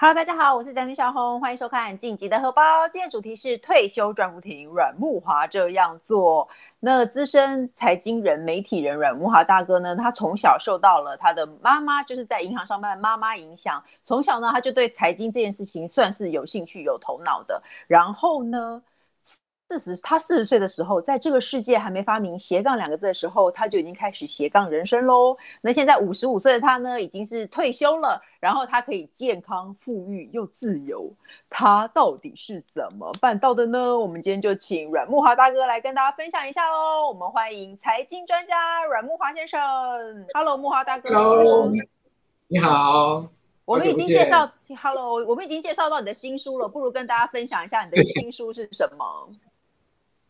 哈嘍，Hello, 大家好，我是財經小紅，歡迎收看《晉級的荷包》。今天的主題是退休賺不停，阮慕驊這樣做。那資深財經人、媒體人阮慕驊大哥呢，他從小受到了他的媽媽，就是在銀行上班的媽媽影響。從小呢，他就對財經這件事情算是有興趣、有頭腦的。然後呢，四十，他四十歲的時候，在這個世界還沒發明斜槓兩個字的時候，他就已經開始斜槓人生嘍。那現在五十五歲的他呢，已經是退休了，然後他可以健康、富裕又自由。他到底是怎麼辦到的呢？我們今天就請阮慕驊大哥來跟大家分享一下嘍。我們歡迎財經專家阮慕驊先生。Hello，慕驊大哥。Hello，你好。我們已經介紹 Hello，我,我們已經介紹到你的新書了，不如跟大家分享一下你的新書是什麼？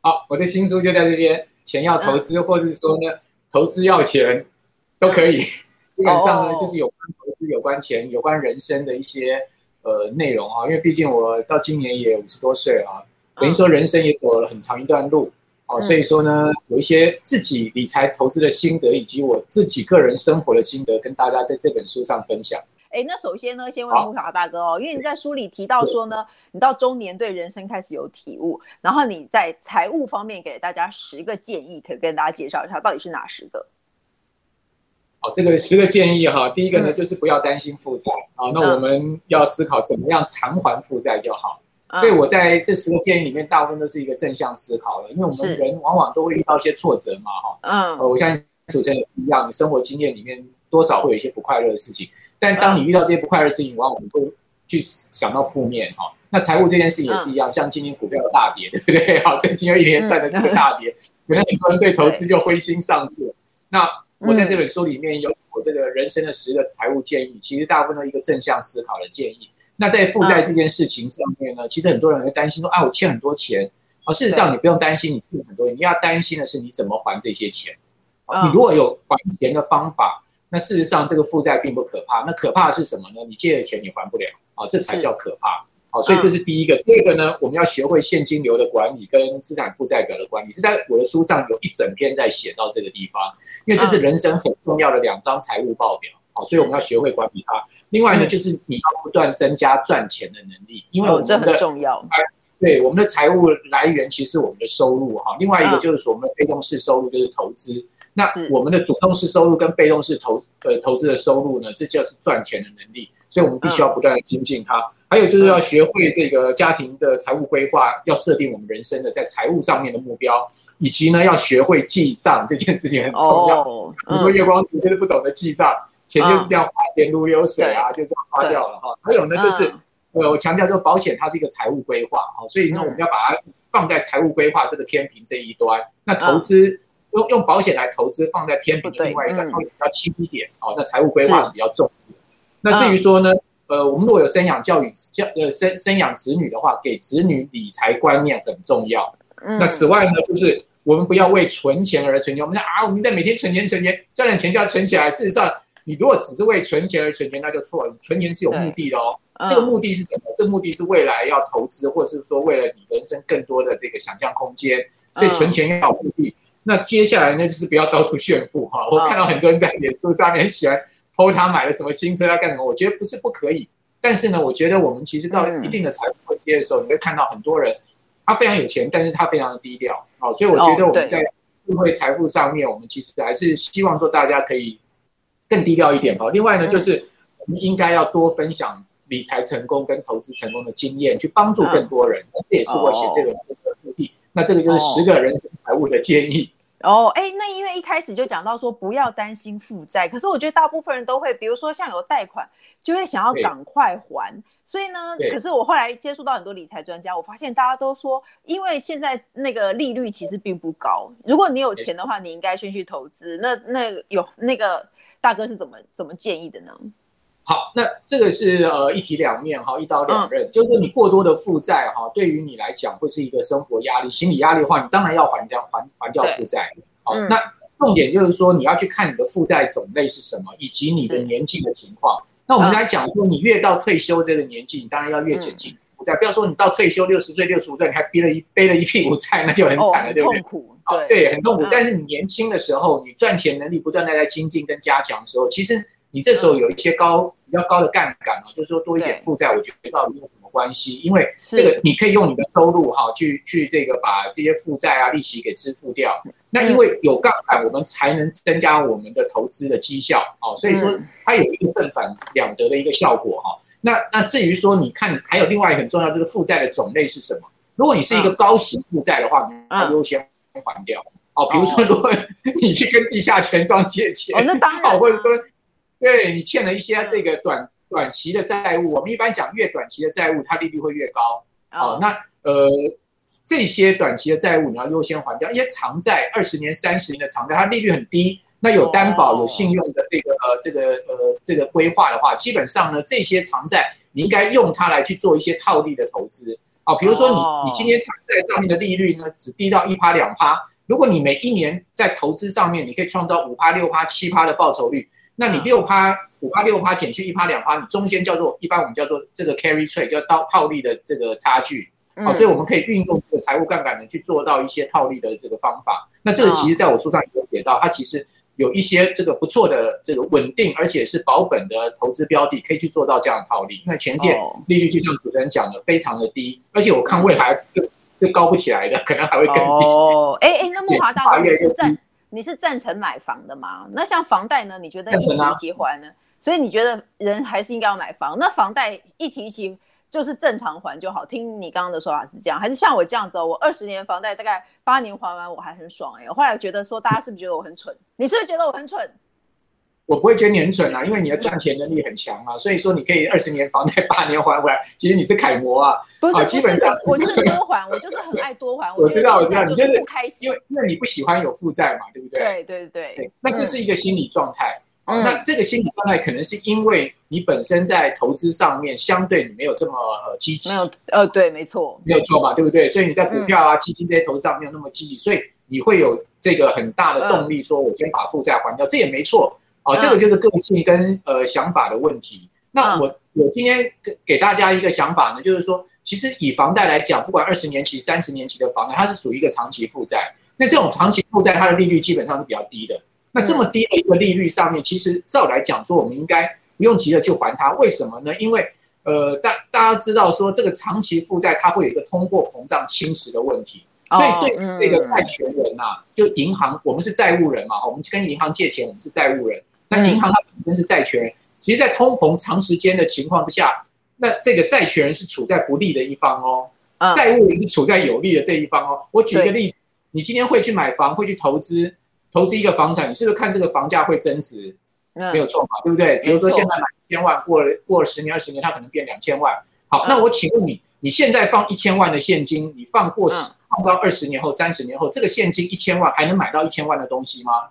好，我的新書就在這邊。錢要投資，或是說呢，啊、投資要錢，啊、都可以。基本上呢，哦哦就是有關投資、有關錢、有關人生的一些呃內容啊。因為畢竟我到今年也五十多歲了、啊，等於說人生也走了很長一段路哦、嗯啊。所以說呢，有一些自己理財投資的心得，以及我自己個人生活的心得，跟大家在這本書上分享。哎，那首先呢，先問慕驊大哥哦，啊、因為你在書裡提到說呢，對你到中年對人生開始有體悟，對然後你在財務方面給大家十個建議，可以跟大家介紹一下到底是哪十個？好，這個十個建議哈，第一個呢、嗯、就是不要擔心負債，嗯、啊，那我們要思考怎麼樣償還負債就好。嗯、所以我在這十個建議裡面，大部分都是一個正向思考了，因為我們人往往都會遇到一些挫折嘛，哈，嗯，我、啊、我像主持人一樣，生活經驗裡面多少會有一些不快樂的事情。但當你遇到這些不快樂的事情，往往、嗯、我們都去想到負面哈、哦。那財務這件事情也是一樣，嗯、像今年股票的大跌，嗯、對不對？好、哦，最近又一年算得這個大跌，嗯嗯、可能很多人對投資就灰心喪氣了。嗯、那我在這本書裡面有我這個人生的十個財務建議，其實大部分都一個正向思考的建議。那在負債這件事情上面呢，嗯、其實很多人會擔心說：“嗯、啊，我欠很多錢啊。哦”事實上，你不用擔心你欠很多，對你要擔心的是你怎麼還這些錢。嗯、你如果有還錢的方法。那事實上，這個負債並不可怕，那可怕的是什麼呢？你借的錢你還不了啊，這才叫可怕。好是、啊，所以這是第一個。嗯、第二個呢，我們要學會現金流的管理跟資產負債表的管理，是在我的書上有一整篇在寫到這個地方，因為這是人生很重要的兩張財務報表。好、嗯啊，所以我們要學會管理它。另外呢，就是你要不斷增加賺錢的能力，嗯、因為我們的、嗯、這很重要，啊、對，我們的財務來源其實是我們的收入哈、啊，另外一個就是說我們的被動式收入就是投資。嗯那我們的主動式收入跟被動式投資，呃、投資的收入呢，這就是賺錢的能力，所以我們必須要不斷的精進它。嗯、還有就是要學會這個家庭的財務規劃，嗯、要設定我們人生的在財務上面的目標，以及呢要學會記賬，這件事情很重要。哦嗯、很多月光族就是不懂得記賬，錢就是這樣花錢如流水啊，嗯、就這樣花掉了哈。對還有呢就是、嗯、我我強調，就保險它是一個財務規劃，所以呢我們要把它放在財務規劃這個天平這一端。嗯、那投資。用用保險來投資，放在天平的另外一個、嗯、比較輕一點。好、哦，那財務規劃是比較重的。是那至於說呢，嗯、呃，我們如果有生養教育呃，生生養子女的話，給子女理財觀念很重要。嗯、那此外呢，就是我們不要為存錢而存錢。嗯、我們說啊，我們在每天存錢存錢，賺點錢就要存起來。事實上，你如果只是為存錢而存錢，那就錯了。你存錢是有目的的哦。嗯、這個目的是什麼？這個、目的是未來要投資，或者是說為了你人生更多的這個想象空間。所以存錢要有目的。嗯那接下來呢，就是不要到處炫富，哈、啊。我看到很多人在臉書上面喜歡 PO 他買了什麼新車啊，幹什麼？我覺得不是不可以，但是呢，我覺得我們其實到一定的財富階的時候，你會看到很多人，他非常有錢，但是他非常的低調。好，所以我覺得我們在智慧財富上面，我們其實還是希望說大家可以更低調一點吧。另外呢，就是我們應該要多分享理財成功跟投資成功的經驗，去幫助更多人，啊。這也是我寫這本書的。那這個就是十個人生財務的建議哦。哎、哦,那因為一開始就講到說，不要擔心負債，可是我覺得大部分人都會，比如說像有貸款，就會想要趕快還。對所以呢，對可是我後來接觸到很多理財專家，我發現大家都說，因為現在那個利率其實並不高，如果你有錢的話，你應該先去投資。對那那有那個大哥是怎麼怎麼建議的呢？好，那這個是呃一體兩面哈，一刀兩刃，就是說你過多的負債哈，對於你來講會是一個生活壓力、心理壓力的話，你當然要還掉，還還掉負債。好，那重點就是說你要去看你的負債種類是什麼，以及你的年紀的情況，那我們來講說，你越到退休這個年紀，你當然要越減輕負債。不要說你到退休六十歲、六十五歲，你還背了一背了一屁股債，那就很慘了，對不對？很痛苦，對，很痛苦。但是你年輕的時候，你賺錢能力不斷的在精進跟加強的時候，其實，你這時候有一些高、嗯、比較高的槓桿哦、啊,就是說多一點負債，我覺得到底有什麼關係？對因為這個你可以用你的收入哈、啊，是去去這個把這些負債啊利息給支付掉。嗯、那因為有槓桿，我們才能增加我們的投資的績效哦、啊。所以說它有一個正反兩得的一個效果啊。嗯、那那至於說你看，還有另外一個很重要就是負債的種類是什麼？如果你是一個高息負債的話，嗯、你要優先還掉哦。嗯嗯、比如說，如果你去跟地下錢莊借錢，哦 哦、那當然好或者說。 對你欠了一些這個短短期的債務，我們一般講越短期的債務，它利率會越高。好，那呃這些短期的債務你要優先還掉。因為長債，二十年、三十年的長債，它利率很低。那有擔保、有信用的這個呃這個呃這個，呃這個規劃的話，基本上呢，這些長債你應該用它來去做一些套利的投資。啊，比如說你你今天長債上面的利率呢，只低到一趴兩趴。如果你每一年在投資上面，你可以創造五趴六趴七趴的報酬率。那你六趴、五趴、六趴減去一趴、兩趴，你中間叫做一般我們叫做這個 carry trade，叫套套利的這個差距。好，所以我們可以運用這個財務槓桿呢，去做到一些套利的這個方法。嗯、那這個其實在我書上也有寫到，它其實有一些這個不錯的、這個穩定而且是保本的投資標的，可以去做到這樣的套利。那前線利率就像主持人講的，非常的低，而且我看未來就高不起來的，可能還會更低。哦，哎哎，那慕驊一個在？你是贊成買房的嗎？那像房貸呢？你覺得一期一期還呢？所以你覺得人還是應該要買房？那房貸一期一期就是正常還就好。聽你剛剛的說法是這樣，還是像我這樣子？哦？我二十年房貸大概八年還完，我還很爽哎、欸。我後來覺得說，大家是不是覺得我很蠢？你是不是覺得我很蠢？我不會覺得你很蠢啊，因為你的賺錢能力很強啊，所以說你可以二十年房貸八年還回來，其實你是楷模啊。基本上我是多還，我就是很愛多還。我知道，我知道，你就是不開心，因為因為你不喜歡有負債嘛，對不對？對對對。那這是一個心理狀態。那這個心理狀態可能是因為你本身在投資上面相對你沒有這麼積極。呃，對，沒錯。沒有錯嘛，對不對？所以你在股票啊、基金這些投資上沒有那麼積極，所以你會有這個很大的動力，說我先把負債還掉，這也沒錯。這個就是個性跟呃想法的問題。那我我今天給給大家一個想法呢，就是說，其實以房貸來講，不管二十年期、三十年期的房貸，它是屬於一個長期負債。那這種長期負債，它的利率基本上是比較低的。那這麼低的一個利率上面，其實照來講說，我們應該不用急着去還它。為什麼呢？因為呃，大大家知道說，這個長期負債它會有一個通貨膨脹侵蝕的問題。所以對這個債權人吶、啊，就銀行，我們是債務人嘛，我們跟銀行借錢，我們是債務人。那銀行它本身是債權，其實，在通膨長時間的情況之下，那這個債權人是處在不利的一方哦，債、嗯、務人是處在有利的這一方哦。我舉一個例子，對你今天會去買房，會去投資，投資一個房產，你是不是看這個房價會增值？嗯、沒有錯嘛，對不對？錯比如說現在買一千萬，過了過了十年、二十年，它可能變兩千萬。好，嗯、那我請問你，你現在放一千萬的現金，你放過、嗯、放到二十年後、三十年後，這個現金一千萬還能買到一千萬的東西嗎？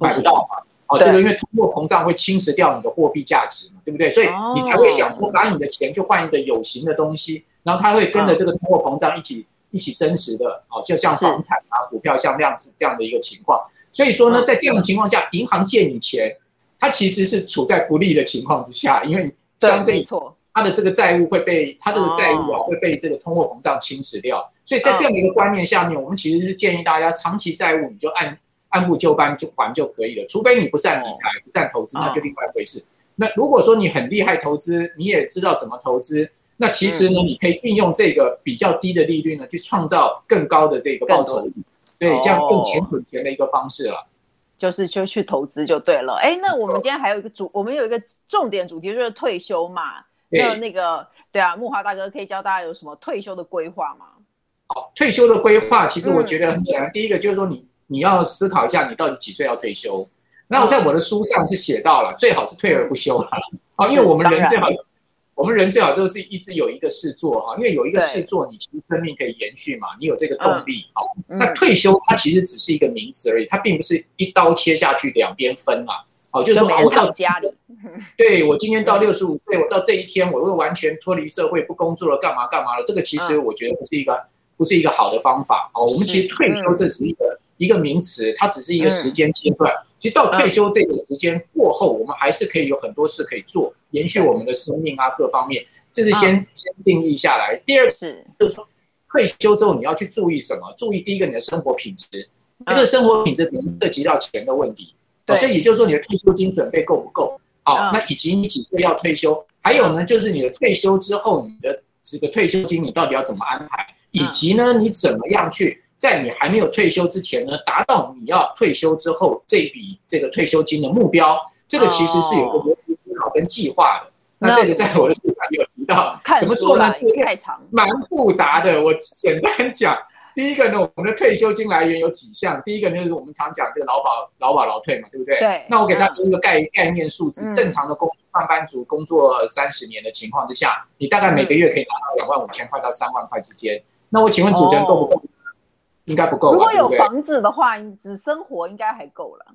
買不到嘛。嗯嗯哦，這個因為通貨膨脹會侵蝕掉你的貨幣價值嘛，對，對不對？所以你才會想說，把你的錢去換一個有形的東西，哦、然後它會跟着這個通貨膨脹一起、嗯、一起增值的。哦，就像房產啊、是股票像量子這樣的一個情況。所以說呢，嗯、在這種情況下，嗯、銀行借你錢，它其實是處在不利的情況之下，因為相對錯，他的這個債務會被他這個債務啊，哦、會被這個通貨膨脹侵蝕掉。所以在這樣的一個觀念下面，嗯、我們其實是建議大家長期債務你就按。按部就班，就還就可以了，除非你不善理財、不善投資，那就另外一回事。哦、那如果說你很厲害投資，你也知道怎麼投資，那其實呢，嗯、你可以運用這個比較低的利率呢，去創造更高的這個報酬率。多對，這樣用錢滾錢的一個方式了、哦，就是就去投資就對了。哎、欸，那我們今天還有一個主，我們有一個重點主題就是退休嘛。對，那，那個對啊，慕驊大哥可以教大家有什麼退休的規劃嗎？好，退休的規劃其實我覺得很簡單。嗯、第一個就是說你。你要思考一下，你到底幾歲要退休？那我在我的書上是寫到了，最好是退而不休啊。因為我們人最好，我們人最好就是一直有一個事做哈。因為有一個事做，你其實生命可以延續嘛。你有這個動力好。那退休它其實只是一個名詞而已，它並不是一刀切下去兩邊分嘛。哦，就是說熬到家裡。對，我今天到六十五歲，我到這一天我會完全脫離社會，不工作了，幹嘛幹嘛了。這個其實我覺得不是一個，不是一個好的方法哦。我們其實退休這是一個。一個名詞，它只是一個時間階段。其實到退休這個時間過後，我們還是可以有很多事可以做，延續我們的生命啊，各方面。這是先先定義下來。第二個是，就是說退休之後你要去注意什麼？注意第一個，你的生活品質，這個生活品質可能涉及到錢的問題。對，所以也就是說你的退休金準備夠不夠？好，那以及你幾歲要退休？還有呢，就是你的退休之後，你的這個退休金你到底要怎麼安排？以及呢，你怎麼樣去？在你還沒有退休之前呢，達到你要退休之後這筆這個退休金的目標，這個其實是有個邏輯思考跟計劃的。哦、那這個在我的書上有提到。看做呢，太長，蠻複雜的。我簡單講，第一個呢，我們的退休金來源有幾項。第一個呢就是我們常講這個勞保、勞保、勞退嘛，對不對？對。那我給大家一個概概念數字，嗯、正常的工上班，班族工作三十年的情況之下，你大概每個月可以拿到兩萬五千塊到三萬塊之間。那我請問主持人夠不夠？哦應該不夠。如果有房子的話，對對，只生活應該還夠了。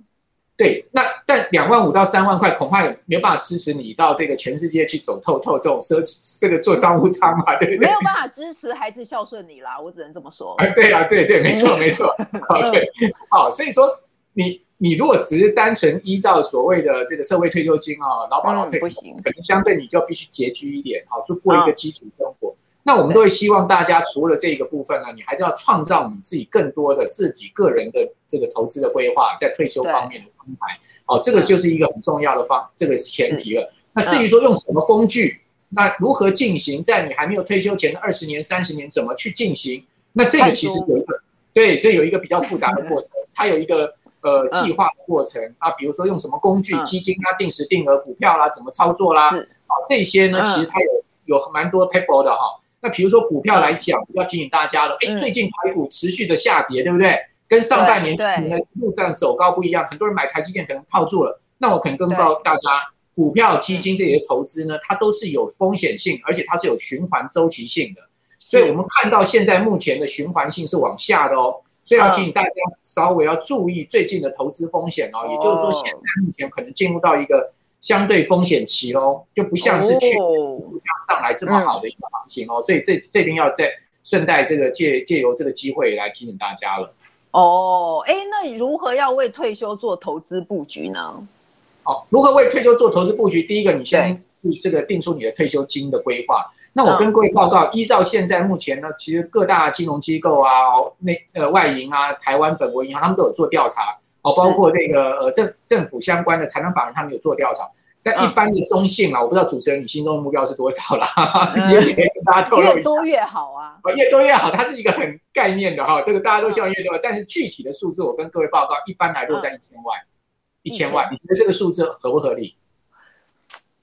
對，那但兩萬五到三萬塊，恐怕也沒有辦法支持你到這個全世界去走透透這種奢侈，這個坐商務艙嘛，對，對 沒有辦法支持孩子孝順你啦，我只能這麼說。哎，對啊，對對，沒錯沒錯， 哦、對，好、 哦，所以說你你如果只是單純依照所謂的這個社會退休金啊、哦，勞保勞退不行，可能相對你就必須拮據一點，好、哦，就過一個基礎、嗯哦那我們都會希望大家除了這個部分呢，你還是要創造你自己更多的自己個人的這個投資的規劃，在退休方面的安排。好，這個就是一個很重要的方，這個前提了。那至於說用什麼工具，那如何進行，在你還沒有退休前的二十年、三十年怎麼去進行？那這個其實有一個，對，這有一個比較複雜的過程，它有一個呃計劃的過程啊。比如說用什麼工具，基金啊、定時定額股票啦，怎麼操作啦？啊，這些呢，其實它有有蠻多 people 的哈。那比如說股票來講，嗯、我要提醒大家了。哎，最近台股持續的下跌，嗯、對不對？跟上半年可能一路走高不一樣，很多人買台積電可能套住了。那我可能更告訴大家，對股票、基金這些投資呢，它都是有風險性，而且它是有循環周期性的。所以我們看到現在目前的循環性是往下的哦，是所以要提醒大家稍微要注意最近的投資風險哦。哦，也就是說，現在目前可能進入到一個。相對風險期咯，就不像是去、哦、上來這麼好的一個行情哦，嗯、所以這這邊要再順帶這個借借由這個機會來提醒大家了。哦，哎、欸，那如何要為退休做投資佈局呢？哦，如何為退休做投資佈局？第一個，你先這個定出你的退休金的規劃。嗯、那我跟各位報告，嗯、依照現在目前呢，其實各大金融機構啊、內呃外銀啊、台灣本國銀行，他們都有做調查。哦，包括這個呃，政政府相關的財政法人，他們有做調查。但一般的中性啊，我不知道主持人你心中的目標是多少啦，也跟大家透露一下。越多越好啊！越多越好，它是一個很概念的哈，這個大家都希望越多，但是具體的數字我跟各位報告，一般來說在一千萬，一千萬。你覺得這個數字合不合理？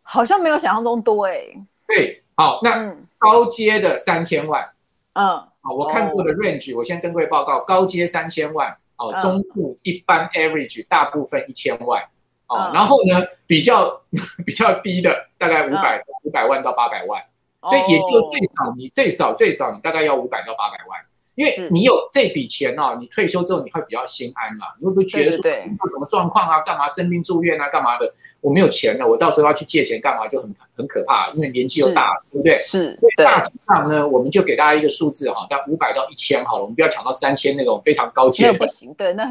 好像沒有想象中多哎。對，好，那高階的三千萬。嗯。好，我看過的 range，我先跟各位報告，高階三千萬。哦，中部一般 average 大部分一千萬，uh, 哦，然後呢，比較比較低的大概五百五百萬到八百萬，uh, 所以也就最少你最少最少你大概要五百到八百萬。因為你有這筆錢哦，你退休之後你會比較心安嘛？你會不會覺得說，有什麼狀況啊、幹嘛生病住院啊、幹嘛的，我沒有錢了，我到時候要去借錢幹嘛，就很很可怕。因為年紀又大了，是 對不對？是。大體上呢，對 我們就給大家一個數字哈、哦，但五百到一千好了，我們不要搶到三千那種非常高階。的。不行，對，那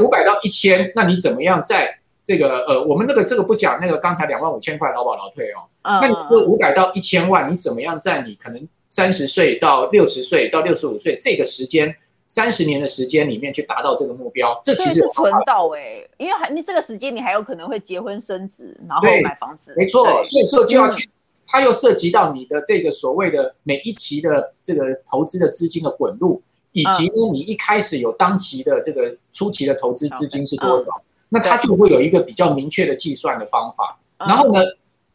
五百、嗯、到一千，那你怎麼樣在這個呃，我們那個這個不講，那個剛才兩萬五千塊勞保勞退哦，嗯嗯那你說五百到一千萬，你怎麼樣在你可能？三十歲到六十歲到六十五歲這個時間，三十年的時間裡面去達到這個目標，這其實是存到位、欸，因為還你這個時間你還有可能會結婚生子，然後買房子，沒錯，對所以說就要去，嗯、它又涉及到你的這個所謂的每一期的這個投資的資金的滾入，以及你一開始有當期的這個初期的投資資金是多少，嗯、那它就會有一個比較明確的計算的方法，嗯、然後呢，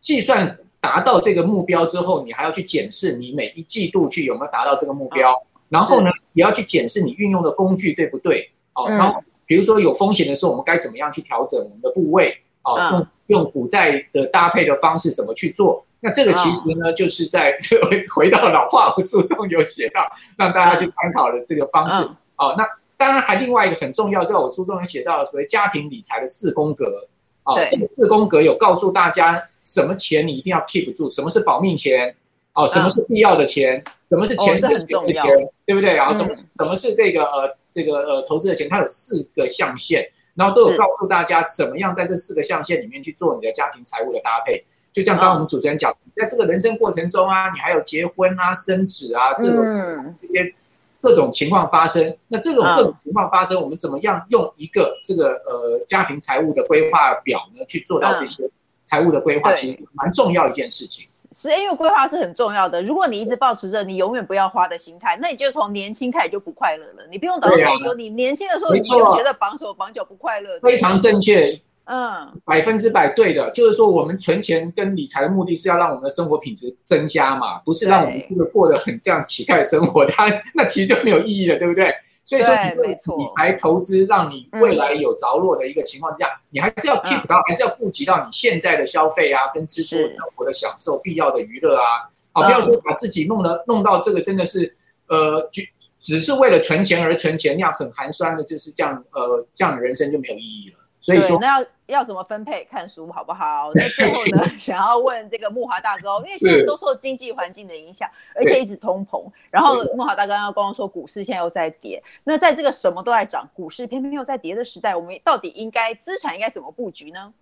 計算。達到這個目標之後，你還要去檢視你每一季度去有沒有達到這個目標，啊、然後呢，是也要去檢視你運用的工具對不對？然後、嗯啊、比如說有風險的時候，我們該怎麼樣去調整我們的部位？啊嗯、用用股債的搭配的方式怎麼去做？嗯、那這個其實呢，就是在、嗯、 回到老話，我書中有寫到，讓大家去參考的這個方式、嗯嗯啊。那當然還另外一個很重要，在我書中寫到了所謂家庭理財的四宮格。哦，對這個四宮格有告訴大家什麼錢你一定要 keep 住，什麼是保命錢，哦，什麼是必要的錢，啊、什麼是錢是重要的錢，哦、對不對？然後什麼是、嗯、什麼是這個呃這個呃投資的錢，它有四個象限，然後都有告訴大家怎麼樣在這四個象限裡面去做你的家庭財務的搭配。就像剛剛我們主持人講，嗯、在這個人生過程中啊，你還有結婚啊、生子啊這種這些。嗯各種情況發生，那這種各種情況發生，啊、我們怎麼樣用一個這個呃家庭財務的規劃表呢，去做到這些財務的規劃？嗯、其實蠻重要一件事情。是，因為規劃是很重要的。如果你一直抱持着你永遠不要花的心態，那你就從年輕開始就不快樂了。你不用等到那時候，啊、你年輕的時候對你就覺得綁手綁腳不快樂。非常正確。嗯，百分之百對的，就是說我們存錢跟理財的目的是要讓我們的生活品質增加嘛，不是讓我們過得很這樣乞丐生活，它對那其實就沒有意義了，對不對？對所以說，你對理財投資讓你未來有着落的一個情況之下，嗯、你還是要 keep 到，嗯、還是要顧及到你現在的消費啊，嗯、跟支付生活的享受、是必要的娛樂啊，好、嗯，不要、啊、說把自己弄得弄到這個真的是呃，只只是為了存錢而存錢，那樣很寒酸的，就是這樣呃，這樣的人生就沒有意義了。對，那要要怎麼分配看書好不好？那最後呢， 想要問這個慕驊大哥，因為現在都受經濟環境的影響，對而且一直通膨，然後慕驊大哥剛剛說股市現在又在跌，那在這個什麼都在漲，股市偏，偏偏又在跌的時代，我們到底應該資產應該怎麼布局呢？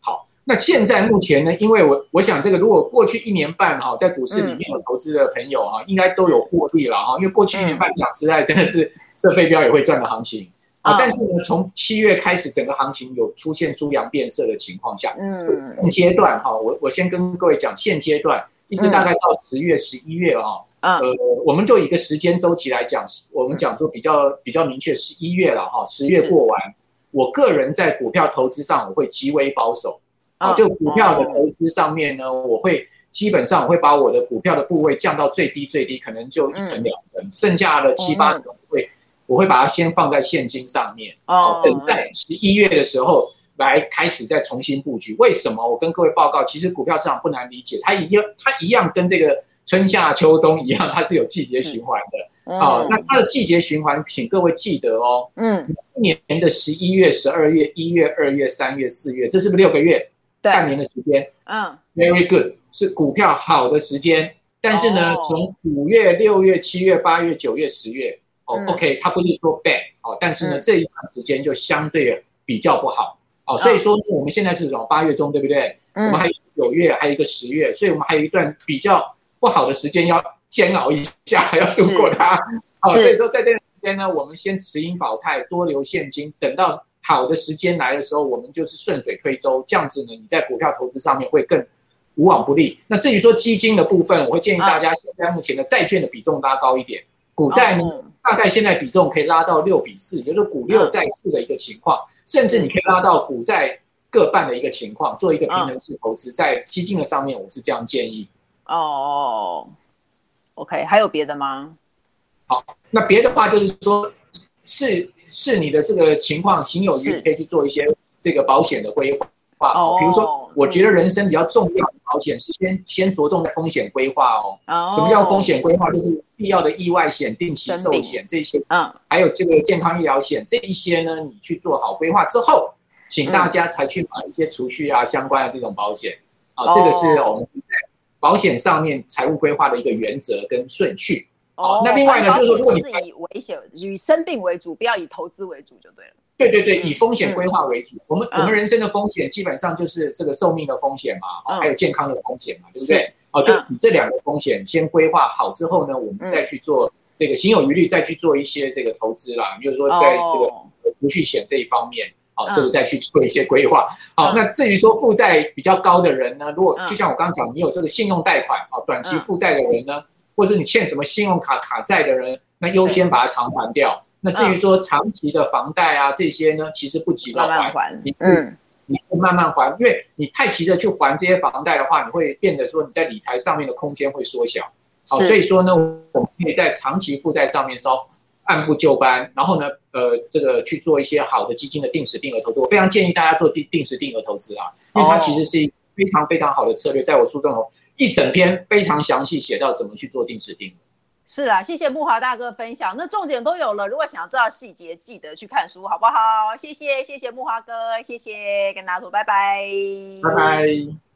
好，那現在目前呢，因為我我想這個，如果過去一年半哈、啊，在股市裡面有投資的朋友哈、啊，嗯、應該都有獲利了哈、啊，因為過去一年半講實在真的是射飛鏢也會賺的行情。啊，但是呢，從七月開始，整個行情有出現豬羊變色的情況下，嗯，現階段哈，我我先跟各位講，現階段一直大概到十月、十一、嗯啊、月哈，呃，啊、我們就以一個時間周期來講，我們講說比較、嗯、比較明確，十一月了哈，十月過完，是我個人在股票投資上我會極為保守，啊，啊，就股票的投資上面呢，我會基本上我會把我的股票的部位降到最低最低，可能就一成兩成，嗯、剩下的七八成。嗯嗯我會把它先放在現金上面，哦、oh, okay. 呃，等待十一月的時候來開始再重新布局。為什麼？我跟各位報告，其實股票市場不難理解，它一樣，它一樣跟這個春夏秋冬一樣，它是有季節循環的。哦，那它的季節循環，請各位記得哦。嗯，um, 年的十一月、十二月、一月、二月、三月、四月，這是不是六個月對半年的時間？嗯、um,，Very good，是股票好的時間。但是呢，oh. 從五月、六月、七月、八月、九月、十月。哦，OK，他不是說 bad 哦，但是呢，這一段時間就相對比較不好哦，所以說我們現在是老八月中，對不對？我們還有九月，還有一個十月，所以我們還有一段比較不好的時間要煎熬一下，要度過它。哦，所以說在這段時間呢，我們先持盈保泰，多留現金，等到好的時間來的時候，我們就是順水推舟，這樣子呢，你在股票投資上面會更無往不利。那至於說基金的部分，我會建議大家現在目前的債券的比重拉高一點，股債呢？大概現在比重可以拉到六比四，也就是股六債四的一個情況，嗯、甚至你可以拉到股債各半的一個情況，嗯、做一個平衡式投資，哦、在基金的上面，我是這樣建議。哦，OK，還有別的嗎？好，那別的話就是說，是是你的這個情況，行有餘，是可以去做一些這個保險的規劃。話，比如說，我覺得人生比較重要的保險是先先着重的風險規劃哦。哦哦什麼叫風險規劃？就是必要的意外險、定期壽險這些，嗯，還有這個健康醫療險這一些呢。你去做好規劃之後，請大家才去買一些儲蓄啊，嗯，相關的這種保險啊。哦，這個是我們在保險上面財務規劃的一個原則跟順序。哦，哦，那另外呢，哦，就是說，如果你是以危險以生病為主，不要以投資為主就對了。對對對，以風險規劃為主。我們我們人生的風險基本上就是這個壽命的風險嘛，還有健康的風險嘛，對不對？好，對，你這兩個風險先規劃好之後呢，我們再去做這個行有餘力，再去做一些這個投資啦。比如說在這個儲蓄險這一方面，好，這個再去做一些規劃。好，那至於說負債比較高的人呢，如果就像我剛剛講，你有這個信用貸款啊，短期負債的人呢，或者你欠什麼信用卡卡債的人，那優先把它償還掉。那至於說長期的房貸啊、嗯、這些呢，其實不急着還，你嗯，你會慢慢還。因為你太急着去還這些房貸的話，你會變得說你在理財上面的空間會縮小。好、啊，是所以說呢，我們可以在長期負債上面稍按部就班，然後呢，呃，這個去做一些好的基金的定時定額投資。我非常建議大家做定定時定額投資啊，因為它其實是一非常非常好的策略，在我書中一整篇非常詳細寫到怎麼去做定時定額。是啊，謝謝慕驊大哥分享，那重點都有了。如果想知道細節，記得去看書，好不好？謝謝，謝謝慕驊哥，謝謝，跟大家說拜拜，拜拜。拜拜。